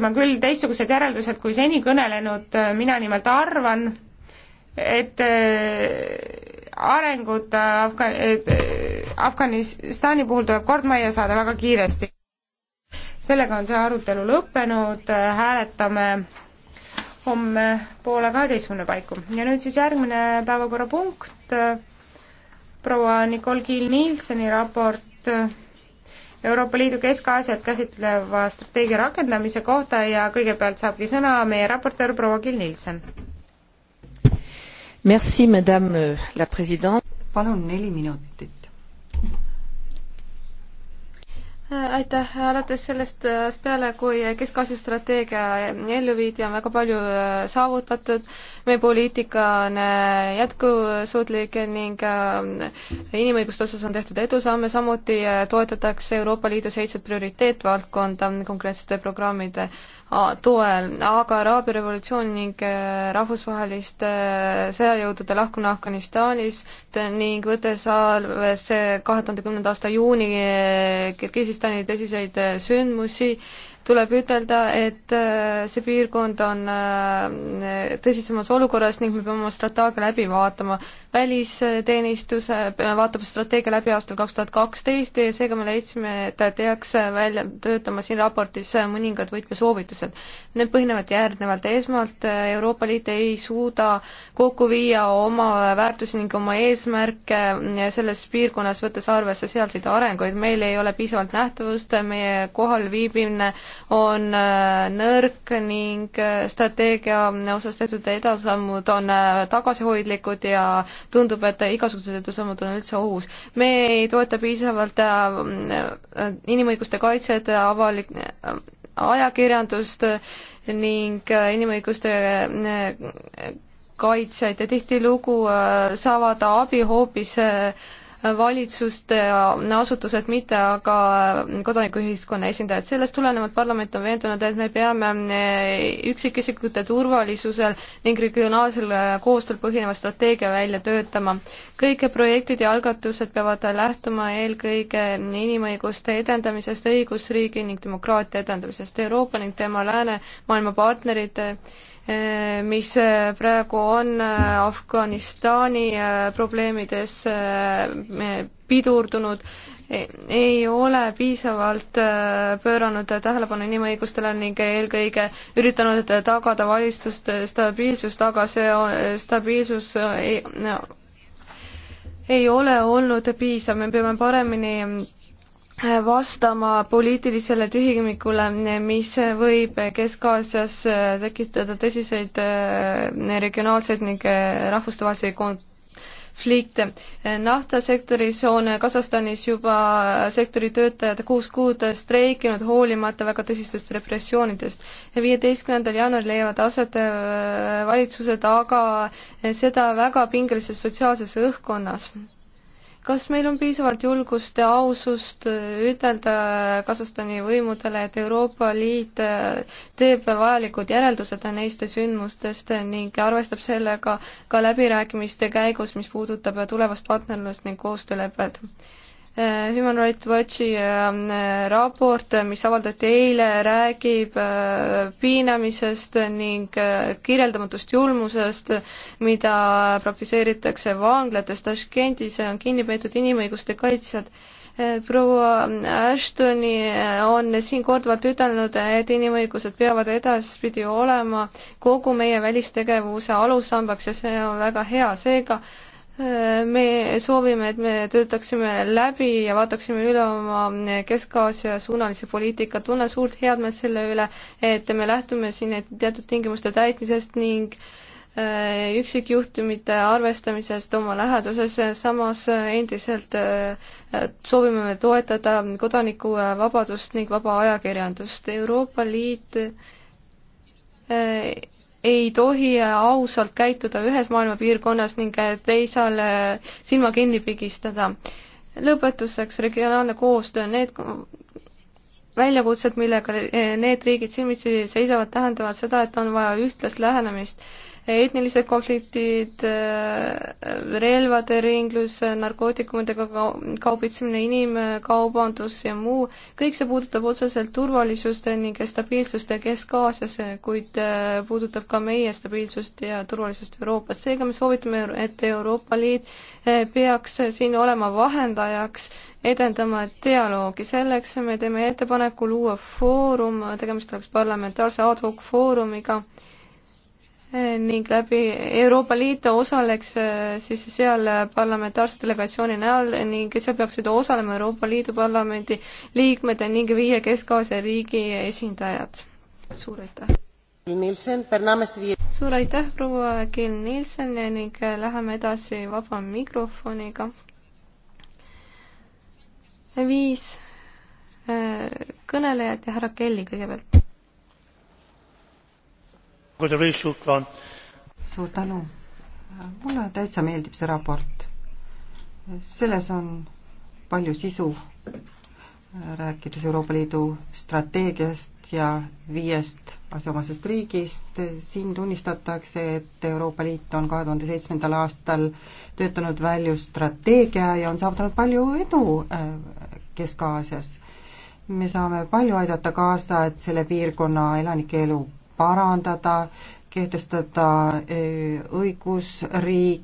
tegema küll teistsugused järeldused kui seni kõnelenud, äh, mina nimelt arvan, et äh, arengud Afga-, äh, Afganistani puhul tuleb kord majja saada väga kiiresti. sellega on see arutelu lõppenud, hääletame homme poole kaheteistkümne paiku ja nüüd siis järgmine päevakorrapunkt, proua Nicole Kiil-Nielseni raport Euroopa Liidu Kesk-Aasiat käsitleva strateegia rakendamise kohta ja kõigepealt saabki sõna meie raportöör proua Kill Nielsen. Merci, madame la president. palun neli minutit aitäh, alates sellest ajast äh, peale, kui Kesk-Aasia strateegia ellu viidi, on väga palju äh, saavutatud meie poliitika on äh, jätkusuutlik ning äh, inimõiguste osas on tehtud edusamme, samuti äh, toetatakse Euroopa Liidu seitset prioriteetvaldkonda konkreetsete programmide toel, aga Araabia revolutsioon ning rahvusvaheliste sõjajõudude lahkumine Afganistanist ning võttes arvesse kahe tuhande kümnenda aasta juuni Kirgisistani tõsiseid sündmusi, tuleb ütelda, et äh, see piirkond on äh, tõsisemas olukorras ning me peame oma strateegia läbi vaatama. välisteenistuse vaatab strateegia läbi aastal kaks tuhat kaksteist ja seega me leidsime, et peaks välja töötama siin raportis mõningad võtmesoovitused. Need põhinevad järgnevalt, esmalt äh, Euroopa Liit ei suuda kokku viia oma väärtusi ning oma eesmärke selles piirkonnas, võttes arvesse sealseid arenguid, meil ei ole piisavalt nähtavust, meie kohalviibimine on äh, nõrk ning äh, strateegia osas tehtud edasammud on äh, tagasihoidlikud ja tundub, et igasugused edusammud on üldse ohus. me ei toeta piisavalt inimõiguste kaitset, avalik-, ajakirjandust ning inimõiguste kaitsjaid ja tihtilugu saavad abi hoopis äh, valitsuste asutused, mitte aga kodanikuühiskonna esindajad. sellest tulenevalt parlament on veendunud, et me peame eh, üksikisikute turvalisusel ning regionaalsel eh, koostööl põhineva strateegia välja töötama. kõik projektid ja algatused peavad lähtuma eelkõige inimõiguste edendamisest, õigusriigi ning demokraatia edendamisest. Euroopa ning tema läänemaailma partnerid Eh, mis eh, praegu on eh, Afganistani probleemides pidurdunud, ei ole piisavalt pööranud tähelepanu inimõigustele ning eelkõige üritanud tagada valitsust stabiilsust, aga see stabiilsus ei, no, ei ole olnud piisav, me peame paremini mm, vastama poliitilisele tühimikule, mis võib Kesk-Aasias tekitada tõsiseid äh, regionaalseid ning äh, rahvustevahelisi konflikte. naftasektoris on Kasahstanis juba sektori töötajad kuus kuud streikinud, hoolimata väga tõsistest repressioonidest. viieteistkümnendal jaanuaril leiavad aset äh, valitsused aga seda väga pingelises sotsiaalses õhkkonnas kas meil on piisavalt julgust ja ausust äh, ütelda äh, Kasahstani võimudele, et Euroopa Liit äh, teeb vajalikud järeldused neist sündmustest ning arvestab sellega ka läbirääkimiste käigus, mis puudutab tulevast partnerlust ning koostöölepet? Eh, Human Rights Watchi eh, eh, raport, mis avaldati eile, räägib piinamisest ning kirjeldamatust julmusest, mida praktiseeritakse vanglates Taškendis, on kinni peetud inimõiguste kaitsjad. proua Ashtoni on siin korduvalt ütelnud, et inimõigused peavad edaspidi olema kogu meie välistegevuse alussambaks ja see on väga hea, seega me soovime, et me töötaksime läbi ja vaataksime üle oma Kesk-Aasia suunalise poliitika, tunnen suurt headmeelt selle üle, et me lähtume siin teatud tingimuste täitmisest ning äh, üksikjuhtumite arvestamisest oma läheduses, samas äh, endiselt äh, soovime me toetada kodanikuvabadust ning vaba ajakirjandust. Euroopa Liit ei tohi ausalt käituda ühes maailma piirkonnas ning teisel silma kinni pigistada. lõpetuseks regionaalne koostöö, need väljakutsed, millega need riigid silmitsi seisavad, tähendavad seda, et on vaja ühtlast lähenemist etnilised konfliktid, äh, relvade ringlus, narkootikumidega kaubitsemine, inimkaubandus ja muu, kõik see puudutab otseselt turvalisust ning stabiilsust Kesk-Aasias, kuid äh, puudutab ka meie stabiilsust ja turvalisust Euroopas. seega me soovitame, et Euroopa Liit äh, peaks siin olema vahendajaks edendama dialoogi, selleks me teeme ettepaneku luua foorum, tegemist oleks parlamentaarse ad hoc foorumiga, ning läbi Euroopa Liit osaleks äh, siis seal parlamentaarse delegatsiooni näol ning seal peaksid osalema Euroopa Liidu Parlamendi liikmed ning viie Kesk-Aasia riigi esindajad. suur aitäh! suur aitäh, proua Kill Nielsen ning äh, läheme edasi vaba mikrofoniga. viis äh, kõnelejat ja härra Kelly kõigepealt suur tänu. mulle täitsa meeldib see raport. selles on palju sisu, rääkides Euroopa Liidu strateegiast ja viiest asjaomasest riigist, siin tunnistatakse, et Euroopa Liit on kahe tuhande seitsmendal aastal töötanud välja strateegia ja on saavutanud palju edu äh, Kesk-Aasias. me saame palju aidata kaasa, et selle piirkonna elanike elu parandada, kehtestada eh, õigusriik,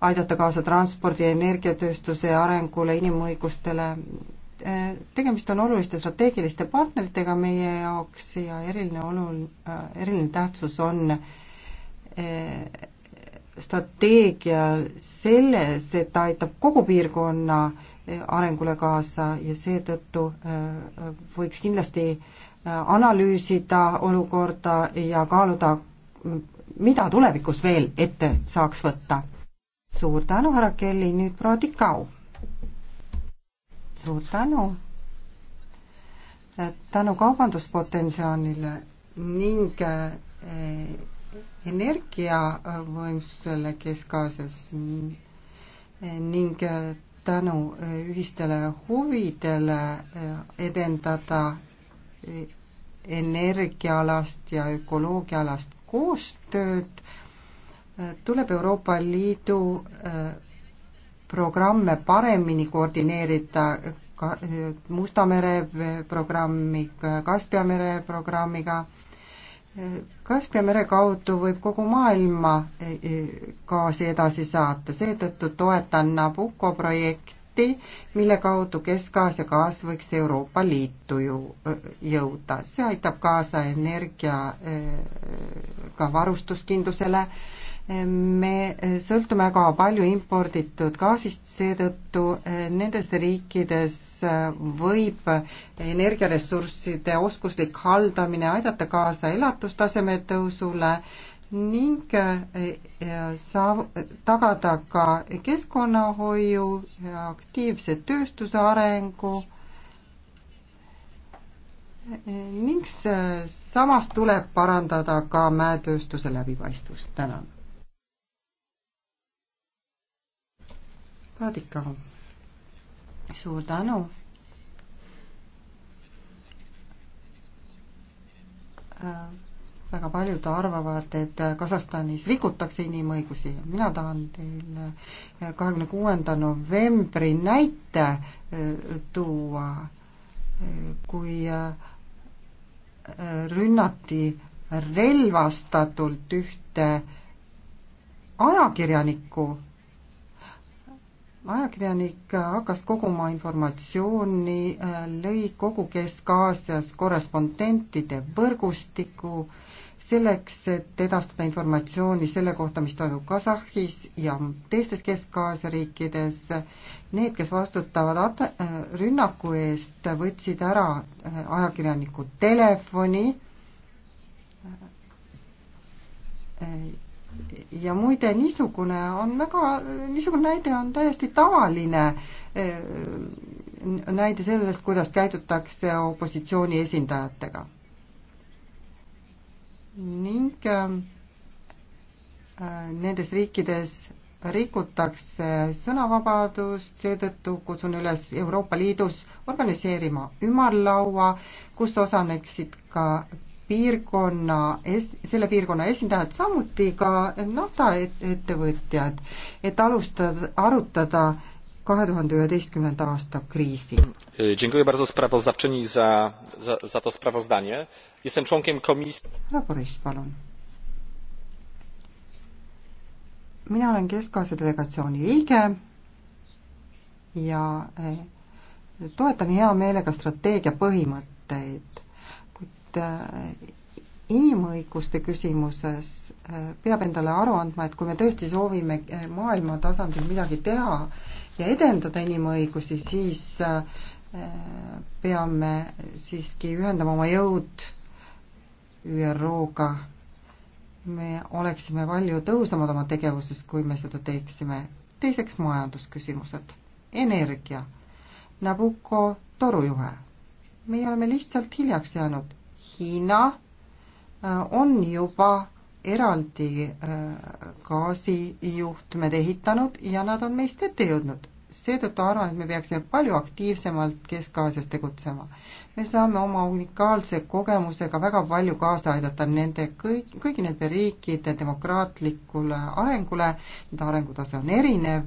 aidata kaasa transpordi ja energiatööstuse arengule, inimõigustele. Eh, tegemist on oluliste strateegiliste partneritega meie jaoks ja eriline olul-, eh, eriline tähtsus on strateegia selles, et ta aitab kogu piirkonna arengule kaasa ja seetõttu võiks kindlasti äh, analüüsida olukorda ja kaaluda, mida tulevikus veel ette saaks võtta. suur tänu, härra Kelly, nüüd proua Tikau. suur tänu. tänu kaubanduspotentsiaalile ning eh, energiavõimsusele Kesk-Aasias ning eh, tänu ühistele huvidele eh, edendada energiaalast ja ökoloogiaalast koostööd, tuleb Euroopa Liidu äh, programme paremini koordineerida ka äh, Musta mere programmi, Kaspia mere programmiga. Äh, Kaspia mere kaudu võib kogu maailma gaasi edasi saata, seetõttu toetan Nabucco projekti projekti, mille kaudu Kesk-Aasia gaas võiks Euroopa Liitu ju jõuda. see aitab kaasa energiaga varustuskindlusele. me e, sõltume väga palju imporditud gaasist, seetõttu e, nendes riikides e, võib energiaressursside oskuslik haldamine aidata kaasa elatustaseme tõusule ning eh, eh, saav-, tagada ka keskkonnahoiu ja aktiivse tööstuse arengu ning samas tuleb parandada ka mäetööstuse läbipaistvust. tänan. Radika, suur tänu. Uh väga paljud arvavad, et Kasahstanis rikutakse inimõigusi. mina tahan teile eh, kahekümne kuuenda novembri näite eh, tuua, eh, kui rünnati relvastatult ühte ajakirjanikku. ajakirjanik hakkas koguma informatsiooni, lõi kogu Kesk-Aasias korrespondentide võrgustiku äh, selleks, et edastada informatsiooni selle kohta, mis toimub Kasahhis ja teistes Kesk-Aasia riikides. Need, kes vastutavad äh, rünnaku eest, võtsid ära äh, ajakirjaniku telefoni. Äh, ja muide, niisugune on väga, niisugune näide on täiesti tavaline näide sellest, kuidas käidutakse opositsiooni esindajatega ning ähm, äh, nendes riikides rikutakse sõnavabadust, seetõttu kutsun üles Euroopa Liidus organiseerima ümarlaua, kus osaneksid ka piirkonna es-, selle piirkonna esindajad, samuti ka naftaettevõtjad, et alustada, arutada kahe tuhande üheteistkümnenda aasta kriisi. härra Boriss, palun. mina olen Kesk-Aasia delegatsiooni liige ja eh, toetan hea meelega strateegia põhimõtteid, kuid eh, inimõiguste küsimuses äh, peab endale aru andma, et kui me tõesti soovime äh, maailma tasandil midagi teha ja edendada inimõigusi, siis äh, peame siiski ühendama oma jõud ÜRO-ga. me oleksime palju tõhusamad oma tegevuses, kui me seda teeksime. teiseks majandusküsimused, energia, Nabucco torujuhe. meie oleme lihtsalt hiljaks jäänud. Hiina Äh, on juba eraldi äh, gaasijuhtmed ehitanud ja nad on meist ette jõudnud. seetõttu arvan, et me peaksime palju aktiivsemalt Kesk-Aasias tegutsema. me saame oma unikaalse kogemusega väga palju kaasa aidata nende kõik, kõigi nende riikide demokraatlikule arengule, nende arengutase on erinev,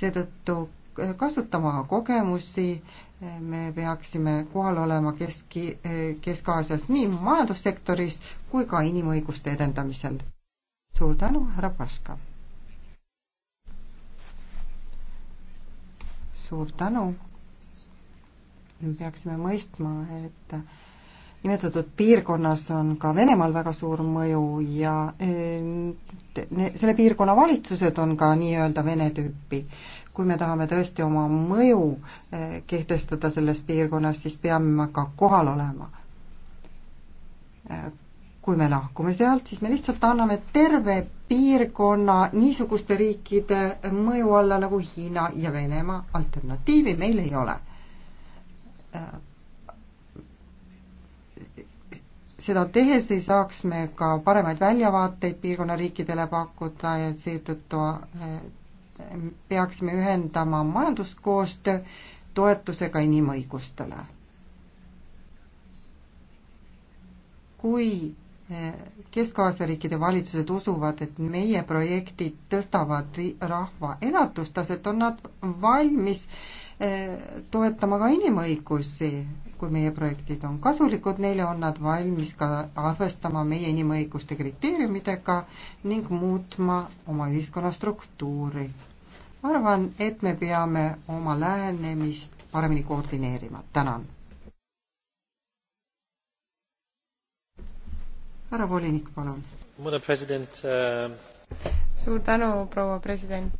seetõttu äh, kasutama kogemusi me peaksime kohal olema Keski, Kesk-Aasias nii majandussektoris kui ka inimõiguste edendamisel. suur tänu, härra Paska. suur tänu. me peaksime mõistma, et nimetatud piirkonnas on ka Venemaal väga suur mõju ja eh, selle piirkonna valitsused on ka nii-öelda Vene tüüpi kui me tahame tõesti oma mõju eh, kehtestada selles piirkonnas, siis peame me ka kohal olema. Eh, kui me lahkume sealt, siis me lihtsalt anname terve piirkonna niisuguste riikide mõju alla nagu Hiina ja Venemaa, alternatiivi meil ei ole. Eh, seda tehes ei saaks me ka paremaid väljavaateid piirkonna riikidele pakkuda ja seetõttu peaksime ühendama majanduskoostöö toetusega inimõigustele. kui Kesk-Aasia riikide valitsused usuvad, et meie projektid tõstavad rahva elatustaset, on nad valmis eh, toetama ka inimõigusi, kui meie projektid on kasulikud neile, on nad valmis ka arvestama meie inimõiguste kriteeriumidega ning muutma oma ühiskonna struktuuri. arvan, et me peame oma lähenemist paremini koordineerima, tänan härra volinik, palun. Äh, suur tänu, proua president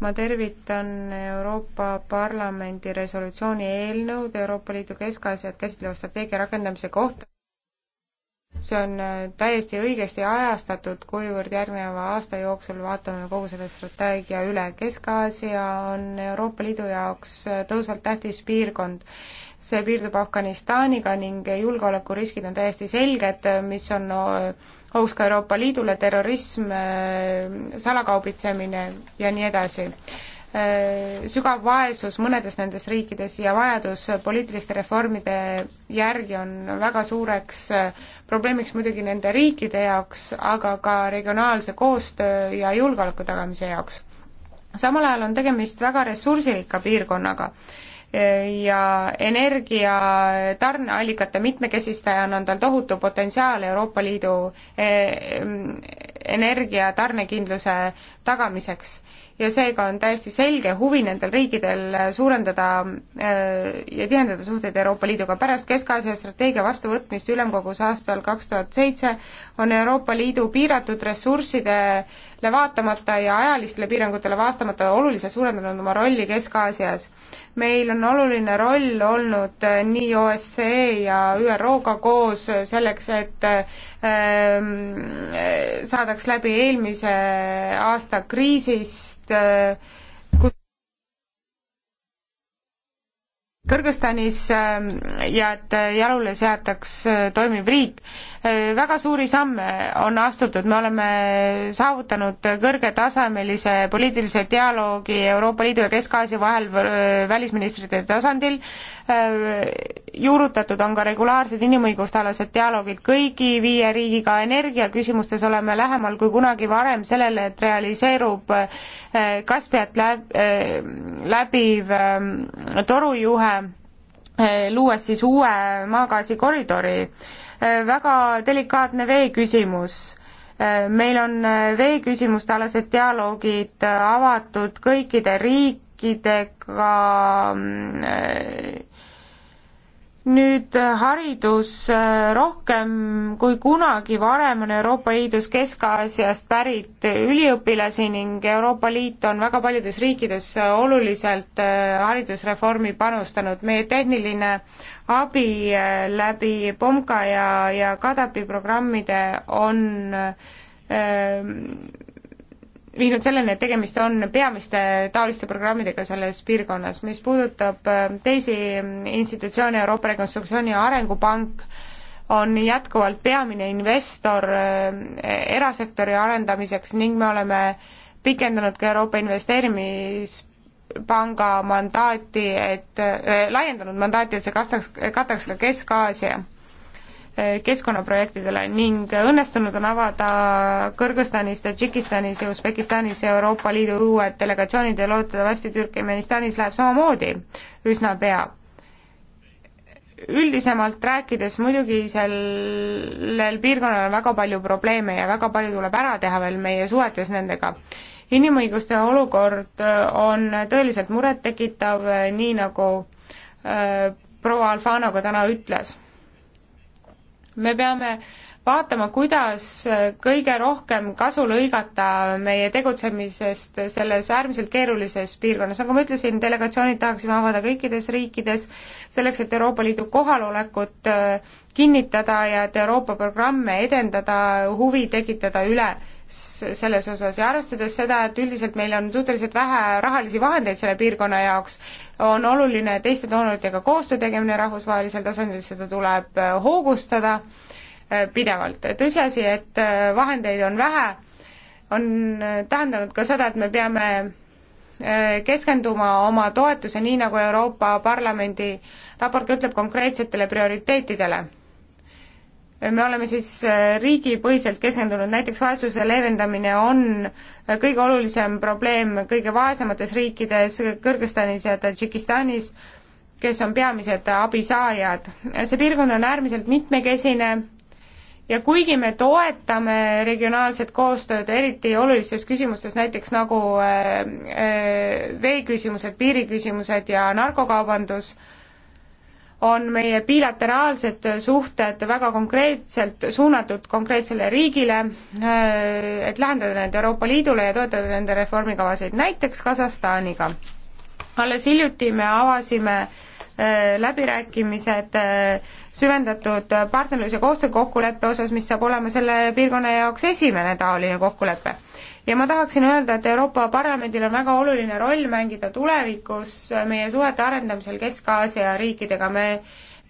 ma tervitan Euroopa Parlamendi resolutsiooni eelnõud Euroopa Liidu keskasjad käsitleva strateegia rakendamise kohta. see on äh, täiesti õigesti ajastatud, kuivõrd järgneva aasta jooksul vaatame kogu selle strateegia üle. Kesk-Aasia on Euroopa Liidu jaoks äh, tõusvalt tähtis piirkond see piirdub Afganistaniga ning julgeolekuriskid on täiesti selged, mis on ohus ka Euroopa Liidule, terrorism, salakaubitsemine ja nii edasi. Sügav vaesus mõnedes nendes riikides ja vajadus poliitiliste reformide järgi on väga suureks probleemiks muidugi nende riikide jaoks, aga ka regionaalse koostöö ja julgeoleku tagamise jaoks. samal ajal on tegemist väga ressursilika piirkonnaga ja energia tarneallikate mitmekesistajana on tal tohutu potentsiaal Euroopa Liidu eh, energia tarnekindluse tagamiseks. ja seega on täiesti selge huvi nendel riikidel suurendada eh, ja tihendada suhteid Euroopa Liiduga. pärast Kesk-Aasia strateegia vastuvõtmist ülemkogus aastal kaks tuhat seitse on Euroopa Liidu piiratud ressursside vaatamata ja ajalistele piirangutele vastamata oluliselt suurendanud oma rolli Kesk-Aasias. meil on oluline roll olnud äh, nii OSCE ja ÜRO-ga koos selleks, et ähm, saadaks läbi eelmise aasta kriisist äh, Kõrgõzstanis ähm, ja et jalule seataks äh, toimiv riik. Äh, väga suuri samme on astutud, me oleme saavutanud kõrgetasemelise poliitilise dialoogi Euroopa Liidu ja Kesk-Aasia vahel äh, välisministrite tasandil, juurutatud on ka regulaarsed inimõiguste alased dialoogid kõigi viie riigiga, energiaküsimustes oleme lähemal kui kunagi varem sellele, et realiseerub Kaspiat läb-, läbiv ähm, torujuhe, Äh, luues siis uue maagaasikoridori. Äh, väga delikaatne veeküsimus. Äh, meil on veeküsimuste alased dialoogid avatud kõikide riikidega mm, nüüd äh, haridus äh, rohkem kui kunagi varem on Euroopa Liidus Kesk-Aasiast pärit üliõpilasi ning Euroopa Liit on väga paljudes riikides äh, oluliselt haridusreformi panustanud. meie tehniline abi läbi POMKA ja, ja Kadapi programmide on öö, viinud selleni, et tegemist on peamiste taoliste programmidega selles piirkonnas. mis puudutab äh, teisi mm, institutsioone, Euroopa Rekonstruktsiooni ja Arengupank, on jätkuvalt peamine investor äh, erasektori arendamiseks ning me oleme pikendanud ka Euroopa Investeerimispanga mandaati, et äh,, laiendanud mandaati, et see kastaks, kataks ka Kesk-Aasia keskkonnaprojektidele ning õnnestunud on avada Kõrgõzstanis, Tadžikistanis ja Usbekistanis Euroopa Liidu uued delegatsioonid ja loodetavasti Türkmenistanis läheb samamoodi üsna pea. üldisemalt rääkides muidugi sellel piirkonnal on väga palju probleeme ja väga palju tuleb ära teha veel meie suhetes nendega inimõiguste olukord on tõeliselt murettekitav, nii nagu äh, proua Alfano ka täna ütles me peame vaatama, kuidas kõige rohkem kasu lõigata meie tegutsemisest selles äärmiselt keerulises piirkonnas. nagu ma ütlesin, delegatsioonid tahaksime avada kõikides riikides selleks, et Euroopa Liidu kohalolekut äh, kinnitada ja et Euroopa programme edendada, huvi tekitada üle selles osas ja arvestades seda, et üldiselt meil on suhteliselt vähe rahalisi vahendeid selle piirkonna jaoks, on oluline teiste doonoritega koostöö tegemine rahvusvahelisel tasandil, seda tuleb äh, hoogustada Äh, pidevalt. tõsiasi, et äh, vahendeid on vähe, on äh, tähendanud ka seda, et me peame keskenduma oma toetuse, nii nagu Euroopa Parlamendi raport ütleb, konkreetsetele prioriteetidele. me oleme siis riigipõhiselt keskendunud, näiteks vaesuse leevendamine on kõige olulisem probleem kõige vaesemates riikides, Kõrgõzstanis ja Tadžikistanis, kes on peamised abisaajad. see piirkond on äärmiselt mitmekesine, ja kuigi me toetame regionaalset koostööd eriti olulistes küsimustes, näiteks nagu äh, äh, veeküsimused, piiriküsimused ja narkokaubandus, on meie bilateraalsed suhted väga konkreetselt suunatud konkreetsele riigile, äh, et lähendada need Euroopa Liidule ja toetada nende reformikavasid, näiteks Kasahstaniga. alles hiljuti me avasime äh, Äh, läbirääkimised äh, süvendatud partnerlus- ja koostöökokkuleppe osas, mis saab olema selle piirkonna jaoks esimene taoline kokkulepe. ja ma tahaksin öelda, et Euroopa Parlamendil on väga oluline roll mängida tulevikus meie suhete arendamisel Kesk-Aasia riikidega, me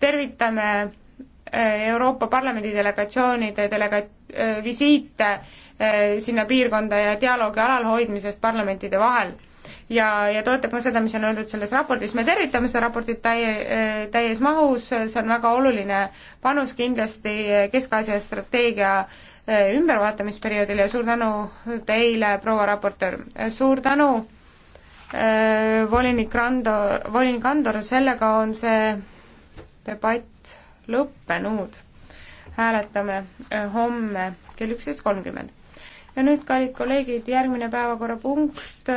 tervitame äh, Euroopa Parlamendi delegatsioonide delega-, visiite sinna piirkonda ja dialoogi alalhoidmisest parlamentide vahel ja, ja toetab ka seda, mis on öeldud selles raportis, me tervitame seda raportit täie, äh, täies mahus, see on väga oluline panus kindlasti Kesk-Aasia strateegia äh, ümbervaatamisperioodil ja suur tänu teile, proua raportöör, suur tänu äh,, volinik Rando, volinik Andor, sellega on see debatt lõppenud. hääletame äh, homme kell üksteist kolmkümmend ja nüüd, kallid kolleegid, järgmine päevakorrapunkt